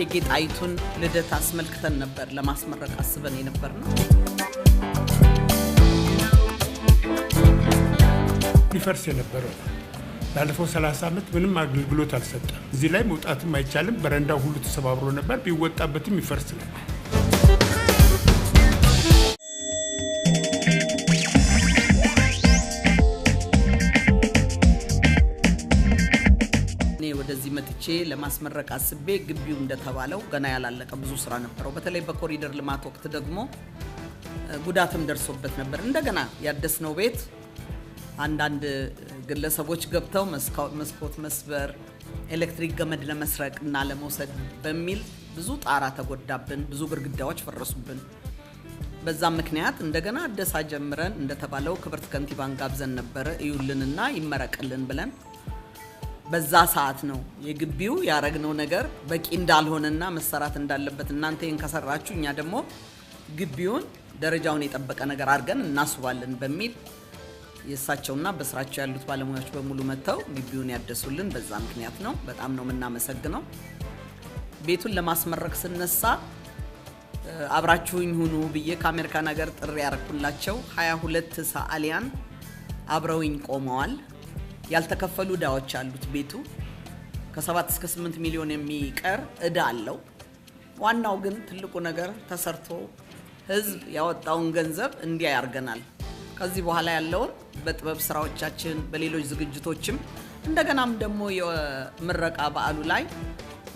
የእቴጌ ጣይቱን ልደት አስመልክተን ነበር ለማስመረቅ አስበን የነበር ነው። ሊፈርስ የነበረው ላለፈው 30 ዓመት ምንም አገልግሎት አልሰጠም። እዚህ ላይ መውጣትም አይቻልም። በረንዳው ሁሉ ተሰባብሮ ነበር። ቢወጣበትም ይፈርስ ነበር። ተከፍቼ ለማስመረቅ አስቤ ግቢው እንደተባለው ገና ያላለቀ ብዙ ስራ ነበረው። በተለይ በኮሪደር ልማት ወቅት ደግሞ ጉዳትም ደርሶበት ነበር። እንደገና ያደስነው ቤት አንዳንድ ግለሰቦች ገብተው መስኮት መስበር፣ ኤሌክትሪክ ገመድ ለመስረቅ እና ለመውሰድ በሚል ብዙ ጣራ ተጎዳብን፣ ብዙ ግድግዳዎች ፈረሱብን። በዛም ምክንያት እንደገና አደሳ ጀምረን እንደተባለው ክብርት ከንቲባን ጋብዘን ነበረ እዩልንና ይመረቅልን ብለን በዛ ሰዓት ነው የግቢው ያረግነው ነገር በቂ እንዳልሆነና መሰራት እንዳለበት እናንተ ይህን ከሰራችሁ እኛ ደግሞ ግቢውን ደረጃውን የጠበቀ ነገር አድርገን እናስባለን በሚል የእሳቸውና በስራቸው ያሉት ባለሙያዎች በሙሉ መጥተው ግቢውን ያደሱልን በዛ ምክንያት ነው። በጣም ነው የምናመሰግነው። ቤቱን ለማስመረቅ ስነሳ አብራችሁኝ ሁኑ ብዬ ከአሜሪካን ሀገር ጥሪ ያረኩላቸው 22 ሰዓሊያን አብረውኝ ቆመዋል። ያልተከፈሉ እዳዎች አሉት ቤቱ ከ7 እስከ 8 ሚሊዮን የሚቀር እዳ አለው። ዋናው ግን ትልቁ ነገር ተሰርቶ ህዝብ ያወጣውን ገንዘብ እንዲያ ያርገናል። ከዚህ በኋላ ያለውን በጥበብ ስራዎቻችን፣ በሌሎች ዝግጅቶችም እንደገናም ደግሞ የምረቃ በዓሉ ላይ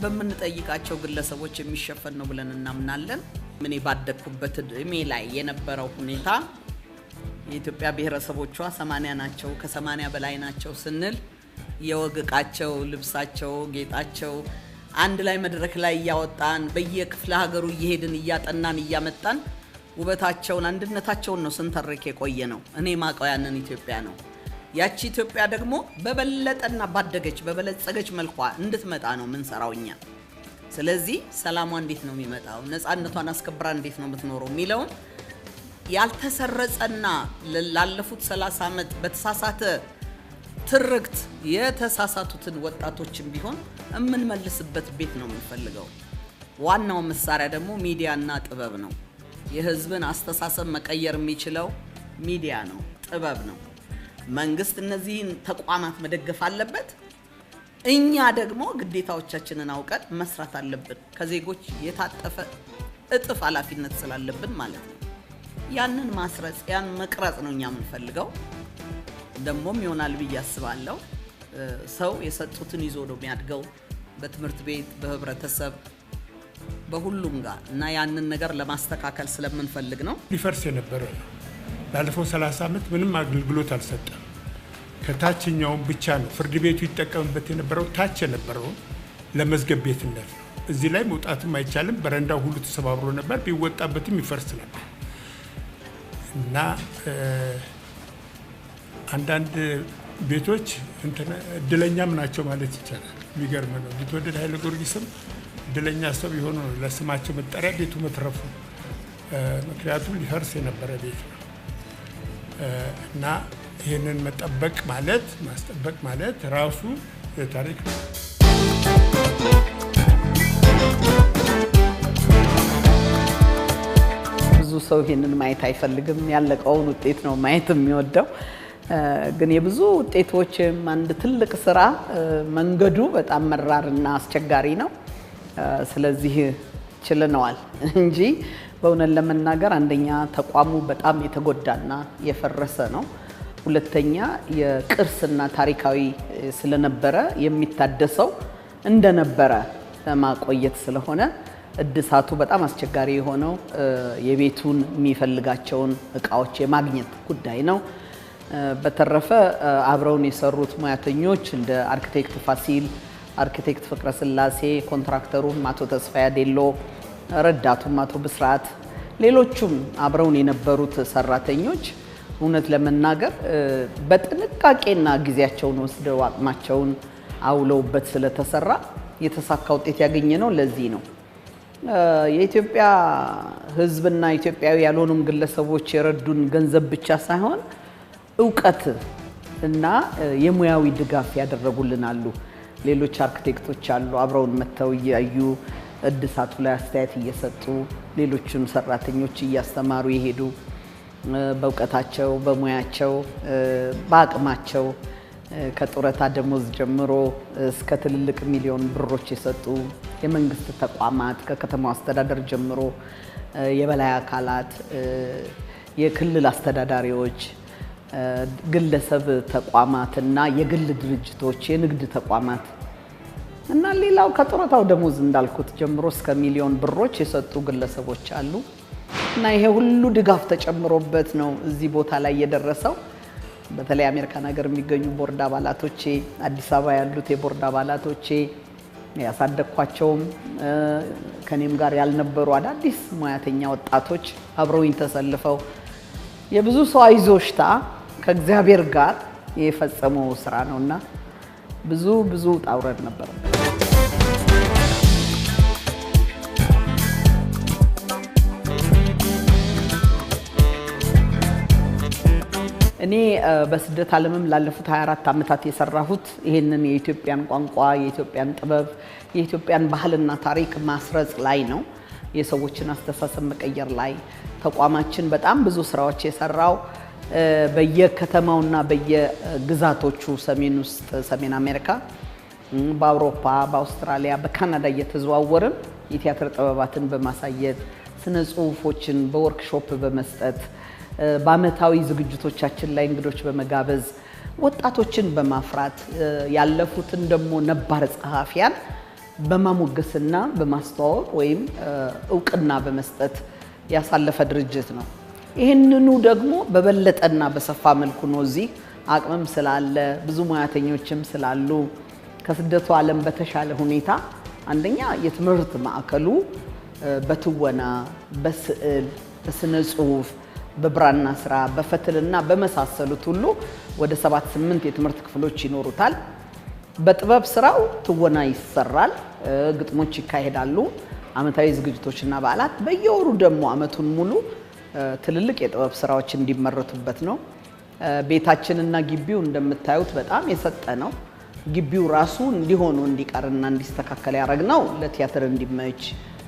በምንጠይቃቸው ግለሰቦች የሚሸፈን ነው ብለን እናምናለን። እኔ ባደግኩበት እድሜ ላይ የነበረው ሁኔታ የኢትዮጵያ ብሔረሰቦቿ ሰማንያ ናቸው፣ ከሰማንያ በላይ ናቸው ስንል የወግ ልብሳቸው፣ ጌጣቸው አንድ ላይ መድረክ ላይ እያወጣን በየክፍለ ሀገሩ እየሄድን እያጠናን እያመጣን ውበታቸውን አንድነታቸውን ነው ስንተርክ የቆየ ነው። እኔ ማቀው ያንን ኢትዮጵያ ነው። ያቺ ኢትዮጵያ ደግሞ በበለጠና ባደገች በበለጸገች መልኳ እንድትመጣ ነው ምንሰራው እኛ። ስለዚህ ሰላሟ እንዴት ነው የሚመጣው፣ ነፃነቷን አስከብራ እንዴት ነው የምትኖረው የሚለውን ያልተሰረጸና ላለፉት 30 ዓመት በተሳሳተ ትርክት የተሳሳቱትን ወጣቶችን ቢሆን የምንመልስበት ቤት ነው የምንፈልገው። ዋናው መሳሪያ ደግሞ ሚዲያና ጥበብ ነው። የህዝብን አስተሳሰብ መቀየር የሚችለው ሚዲያ ነው፣ ጥበብ ነው። መንግስት እነዚህን ተቋማት መደገፍ አለበት። እኛ ደግሞ ግዴታዎቻችንን አውቀን መስራት አለብን። ከዜጎች የታጠፈ እጥፍ ኃላፊነት ስላለብን ማለት ነው። ያንን ማስረጽ ያን መቅረጽ ነው እኛ የምንፈልገው። ደግሞም ይሆናል ብዬ አስባለሁ። ሰው የሰጡትን ይዞ ነው የሚያድገው በትምህርት ቤት፣ በህብረተሰብ፣ በሁሉም ጋር እና ያንን ነገር ለማስተካከል ስለምንፈልግ ነው። ሊፈርስ የነበረ ነው። ላለፈው 30 ዓመት ምንም አገልግሎት አልሰጠም። ከታችኛውም ብቻ ነው ፍርድ ቤቱ ይጠቀምበት የነበረው ታች የነበረውን ለመዝገብ ቤትነት ነው። እዚህ ላይ መውጣትም አይቻልም። በረንዳው ሁሉ ተሰባብሮ ነበር። ቢወጣበትም ይፈርስ ነበር። እና አንዳንድ ቤቶች እድለኛም ናቸው ማለት ይቻላል። የሚገርም ነው። ቢትወደድ ኃይለ ጊዮርጊስም እድለኛ ሰው የሆኑ ነው ለስማቸው መጠሪያ ቤቱ መትረፉ። ምክንያቱም ሊፈርስ የነበረ ቤት ነው እና ይህንን መጠበቅ ማለት ማስጠበቅ ማለት ራሱ የታሪክ ነው። ሰው ይሄንን ማየት አይፈልግም። ያለቀውን ውጤት ነው ማየት የሚወደው። ግን የብዙ ውጤቶችም አንድ ትልቅ ስራ መንገዱ በጣም መራርና አስቸጋሪ ነው። ስለዚህ ችልነዋል እንጂ በእውነት ለመናገር አንደኛ ተቋሙ በጣም የተጎዳና የፈረሰ ነው። ሁለተኛ የቅርስና ታሪካዊ ስለነበረ የሚታደሰው እንደነበረ ለማቆየት ስለሆነ እድሳቱ በጣም አስቸጋሪ የሆነው የቤቱን የሚፈልጋቸውን እቃዎች የማግኘት ጉዳይ ነው። በተረፈ አብረውን የሰሩት ሙያተኞች እንደ አርኪቴክት ፋሲል፣ አርኪቴክት ፍቅረ ስላሴ፣ ኮንትራክተሩም አቶ ተስፋ ዴሎ፣ ረዳቱም አቶ ብስርዓት ሌሎቹም አብረውን የነበሩት ሰራተኞች እውነት ለመናገር በጥንቃቄና ጊዜያቸውን ወስደው አቅማቸውን አውለውበት ስለተሰራ የተሳካ ውጤት ያገኘ ነው። ለዚህ ነው የኢትዮጵያ ሕዝብና ኢትዮጵያዊ ያልሆኑም ግለሰቦች የረዱን ገንዘብ ብቻ ሳይሆን እውቀት እና የሙያዊ ድጋፍ ያደረጉልን አሉ። ሌሎች አርክቴክቶች አሉ፣ አብረውን መጥተው እያዩ እድሳቱ ላይ አስተያየት እየሰጡ ሌሎችን ሰራተኞች እያስተማሩ የሄዱ በእውቀታቸው፣ በሙያቸው፣ በአቅማቸው ከጡረታ ደሞዝ ጀምሮ እስከ ትልልቅ ሚሊዮን ብሮች የሰጡ የመንግስት ተቋማት ከከተማው አስተዳደር ጀምሮ የበላይ አካላት፣ የክልል አስተዳዳሪዎች፣ ግለሰብ ተቋማት እና የግል ድርጅቶች፣ የንግድ ተቋማት እና ሌላው ከጡረታው ደሞዝ እንዳልኩት ጀምሮ እስከ ሚሊዮን ብሮች የሰጡ ግለሰቦች አሉ እና ይሄ ሁሉ ድጋፍ ተጨምሮበት ነው እዚህ ቦታ ላይ የደረሰው። በተለይ አሜሪካን ሀገር የሚገኙ ቦርድ አባላቶቼ፣ አዲስ አበባ ያሉት የቦርድ አባላቶቼ ያሳደግኳቸውም ከኔም ጋር ያልነበሩ አዳዲስ ሙያተኛ ወጣቶች አብረውኝ ተሰልፈው የብዙ ሰው አይዞሽታ ከእግዚአብሔር ጋር የፈጸመው ስራ ነው እና ብዙ ብዙ ጣውረድ ነበር። እኔ በስደት ዓለምም ላለፉት 24 ዓመታት የሰራሁት ይህንን የኢትዮጵያን ቋንቋ፣ የኢትዮጵያን ጥበብ፣ የኢትዮጵያን ባህልና ታሪክ ማስረጽ ላይ ነው። የሰዎችን አስተሳሰብ መቀየር ላይ ተቋማችን በጣም ብዙ ስራዎች የሰራው በየከተማውና በየግዛቶቹ ሰሜን ውስጥ ሰሜን አሜሪካ፣ በአውሮፓ፣ በአውስትራሊያ፣ በካናዳ እየተዘዋወርን የቲያትር ጥበባትን በማሳየት ስነ ጽሁፎችን በወርክሾፕ በመስጠት በአመታዊ ዝግጅቶቻችን ላይ እንግዶች በመጋበዝ ወጣቶችን በማፍራት ያለፉትን ደግሞ ነባር ጸሐፊያን በማሞገስና በማስተዋወቅ ወይም እውቅና በመስጠት ያሳለፈ ድርጅት ነው። ይህንኑ ደግሞ በበለጠና በሰፋ መልኩ ነው እዚህ አቅምም ስላለ ብዙ ሙያተኞችም ስላሉ ከስደቱ ዓለም በተሻለ ሁኔታ አንደኛ የትምህርት ማዕከሉ በትወና፣ በስዕል፣ በስነ ጽሁፍ በብራና ስራ፣ በፈትልና በመሳሰሉት ሁሉ ወደ ሰባት ስምንት የትምህርት ክፍሎች ይኖሩታል። በጥበብ ስራው ትወና ይሰራል፣ ግጥሞች ይካሄዳሉ፣ አመታዊ ዝግጅቶችና በዓላት፣ በየወሩ ደግሞ አመቱን ሙሉ ትልልቅ የጥበብ ስራዎች እንዲመረቱበት ነው። ቤታችንና ግቢው እንደምታዩት በጣም የሰጠ ነው። ግቢው ራሱ እንዲሆኑ እንዲቀርና እንዲስተካከል ነው ለቲያትር እንዲመች፣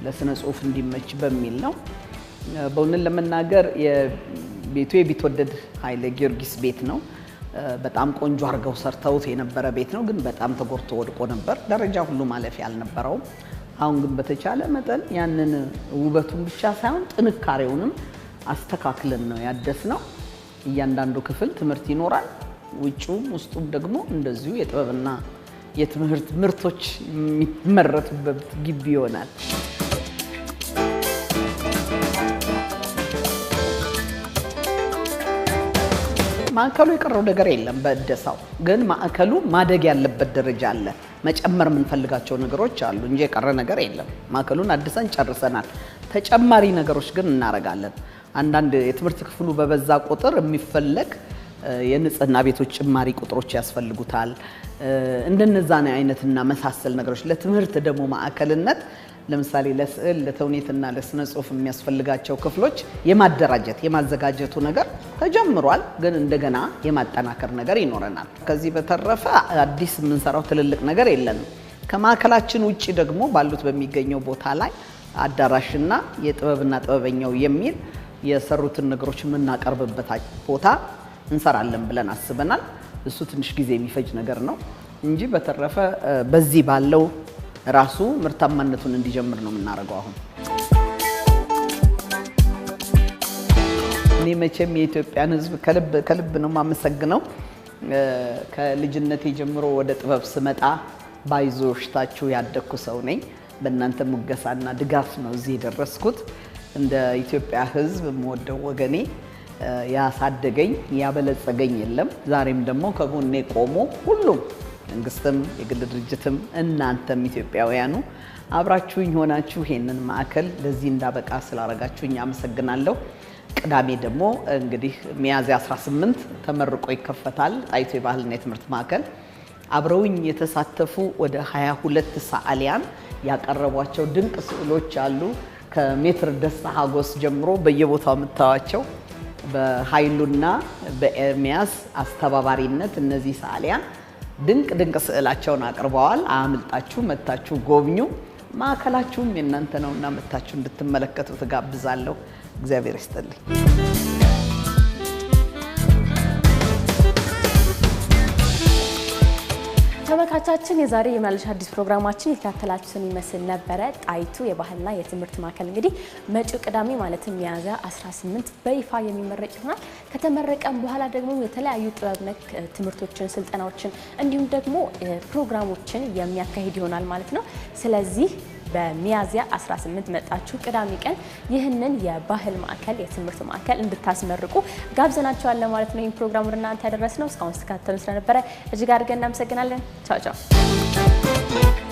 ለስነ ጽሁፍ እንዲመች በሚል ነው። በእውነት ለመናገር ቤቱ የቢትወደድ ኃይለ ጊዮርጊስ ቤት ነው። በጣም ቆንጆ አድርገው ሰርተውት የነበረ ቤት ነው፣ ግን በጣም ተጎድቶ ወድቆ ነበር። ደረጃ ሁሉ ማለፊያ አልነበረውም። አሁን ግን በተቻለ መጠን ያንን ውበቱን ብቻ ሳይሆን ጥንካሬውንም አስተካክለን ነው ያደስ ነው። እያንዳንዱ ክፍል ትምህርት ይኖራል። ውጭውም ውስጡም ደግሞ እንደዚሁ የጥበብና የትምህርት ምርቶች የሚመረቱበት ግቢ ይሆናል። ማዕከሉ የቀረው ነገር የለም። በእደሳው ግን ማዕከሉ ማደግ ያለበት ደረጃ አለ። መጨመር የምንፈልጋቸው ነገሮች አሉ እንጂ የቀረ ነገር የለም። ማዕከሉን አድሰን ጨርሰናል። ተጨማሪ ነገሮች ግን እናደርጋለን። አንዳንድ የትምህርት ክፍሉ በበዛ ቁጥር የሚፈለግ የንጽህና ቤቶች ጭማሪ ቁጥሮች ያስፈልጉታል። እንደነዛን አይነትና መሳሰል ነገሮች ለትምህርት ደግሞ ማዕከልነት ለምሳሌ ለስዕል ለተውኔትና ለስነ ጽሁፍ የሚያስፈልጋቸው ክፍሎች የማደራጀት የማዘጋጀቱ ነገር ተጀምሯል፣ ግን እንደገና የማጠናከር ነገር ይኖረናል። ከዚህ በተረፈ አዲስ የምንሰራው ትልልቅ ነገር የለንም። ከማዕከላችን ውጭ ደግሞ ባሉት በሚገኘው ቦታ ላይ አዳራሽና የጥበብና ጥበበኛው የሚል የሰሩትን ነገሮች የምናቀርብበት ቦታ እንሰራለን ብለን አስበናል። እሱ ትንሽ ጊዜ የሚፈጅ ነገር ነው እንጂ በተረፈ በዚህ ባለው ራሱ ምርታማነቱን እንዲጀምር ነው የምናደርገው። አሁን እኔ መቼም የኢትዮጵያን ህዝብ ከልብ ከልብ ነው የማመሰግነው። ከልጅነቴ ጀምሮ ወደ ጥበብ ስመጣ ባይዞሽታችሁ ያደግኩ ሰው ነኝ። በእናንተ ሙገሳና ድጋፍ ነው እዚህ የደረስኩት። እንደ ኢትዮጵያ ህዝብ የምወደው ወገኔ ያሳደገኝ ያበለጸገኝ የለም። ዛሬም ደግሞ ከጎኔ ቆሞ ሁሉም መንግስትም፣ የግል ድርጅትም እናንተም ኢትዮጵያውያኑ አብራችሁኝ ሆናችሁ ይሄንን ማዕከል ለዚህ እንዳበቃ ስላረጋችሁኝ አመሰግናለሁ። ቅዳሜ ደግሞ እንግዲህ ሚያዝያ 18 ተመርቆ ይከፈታል ጣይቱ የባህልና የትምህርት ማዕከል። አብረውኝ የተሳተፉ ወደ 22 ሰዓሊያን ያቀረቧቸው ድንቅ ስዕሎች አሉ። ከሜትር ደስታ ሀጎስ ጀምሮ በየቦታው የምታዋቸው በኃይሉና በኤርሚያስ አስተባባሪነት እነዚህ ሰዓሊያን ድንቅ ድንቅ ስዕላቸውን አቅርበዋል። አምልጣችሁ መታችሁ ጎብኙ። ማዕከላችሁም የእናንተ ነውና መታችሁ እንድትመለከቱ ትጋብዛለሁ። እግዚአብሔር ይስጥልኝ። ተመልካቻችን የዛሬ የመላለሻ አዲስ ፕሮግራማችን የተከታተላችሁትን ይመስል ነበረ። ጣይቱ የባህልና የትምህርት ማዕከል እንግዲህ መጪው ቅዳሜ ማለትም ሚያዝያ 18 በይፋ የሚመረቅ ይሆናል። ከተመረቀም በኋላ ደግሞ የተለያዩ ጥበብ ነክ ትምህርቶችን፣ ስልጠናዎችን እንዲሁም ደግሞ ፕሮግራሞችን የሚያካሂድ ይሆናል ማለት ነው። ስለዚህ በሚያዝያ 18 መጣችሁ ቅዳሜ ቀን ይህንን የባህል ማዕከል የትምህርት ማዕከል እንድታስመርቁ ጋብዘናቸዋል ማለት ነው። ይህን ፕሮግራም ወደ እናንተ ያደረስ ነው። እስካሁን ስትከታተሉ ስለነበረ እጅግ አድርገን እናመሰግናለን። ቻው ቻው።